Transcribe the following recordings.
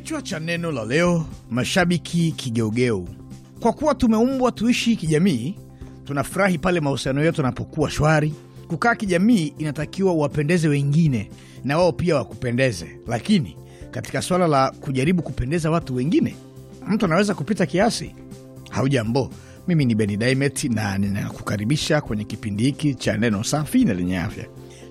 Kichwa cha neno la leo: mashabiki kigeugeu. Kwa kuwa tumeumbwa tuishi kijamii, tunafurahi pale mahusiano yetu yanapokuwa shwari. Kukaa kijamii, inatakiwa uwapendeze wengine na wao pia wakupendeze. Lakini katika swala la kujaribu kupendeza watu wengine, mtu anaweza kupita kiasi. Haujambo, mimi ni Beni Daimet na ninakukaribisha kwenye kipindi hiki cha neno safi na lenye afya.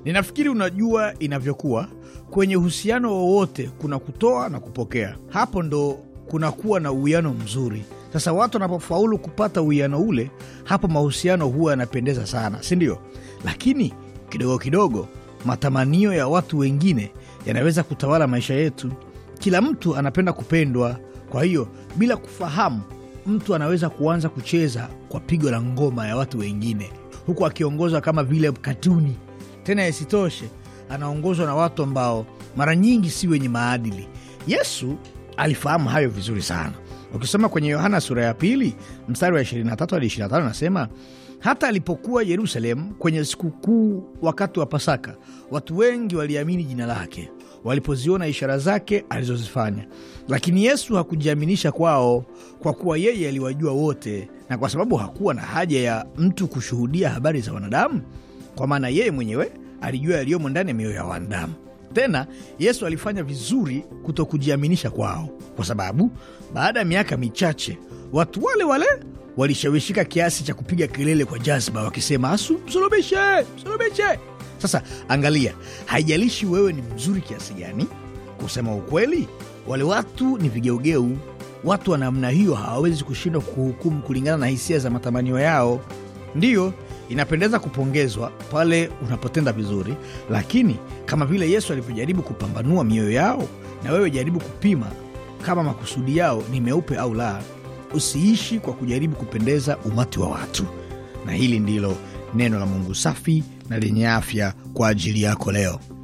Ninafikiri unajua inavyokuwa kwenye uhusiano wowote, kuna kutoa na kupokea. Hapo ndo kunakuwa na uwiano mzuri. Sasa watu wanapofaulu kupata uwiano ule, hapo mahusiano huwa yanapendeza sana, si ndio? Lakini kidogo kidogo matamanio ya watu wengine yanaweza kutawala maisha yetu. Kila mtu anapenda kupendwa, kwa hiyo bila kufahamu, mtu anaweza kuanza kucheza kwa pigo la ngoma ya watu wengine, huku akiongozwa kama vile katuni tena yasitoshe anaongozwa na watu ambao mara nyingi si wenye maadili. Yesu alifahamu hayo vizuri sana. Ukisoma kwenye Yohana sura ya pili mstari wa 23 hadi 25 anasema hata alipokuwa Yerusalemu kwenye sikukuu wakati wa Pasaka, watu wengi waliamini jina lake walipoziona ishara zake alizozifanya. Lakini Yesu hakujiaminisha kwao, kwa kuwa yeye aliwajua wote, na kwa sababu hakuwa na haja ya mtu kushuhudia habari za wanadamu, kwa maana yeye mwenyewe alijua yaliyomo ndani ya mioyo ya wanadamu. Tena Yesu alifanya vizuri kutokujiaminisha kwao, kwa sababu baada ya miaka michache watu wale wale walishawishika kiasi cha kupiga kelele kwa jazba, wakisema asu, msulubishe, msulubishe. Sasa angalia, haijalishi wewe ni mzuri kiasi gani, kusema ukweli, wale watu ni vigeugeu. Watu wa namna hiyo hawawezi kushindwa kuhukumu kulingana na hisia za matamanio yao. Ndiyo, inapendeza kupongezwa pale unapotenda vizuri, lakini kama vile Yesu alivyojaribu kupambanua mioyo yao, na wewe jaribu kupima kama makusudi yao ni meupe au la. Usiishi kwa kujaribu kupendeza umati wa watu. Na hili ndilo neno la Mungu safi na lenye afya kwa ajili yako leo.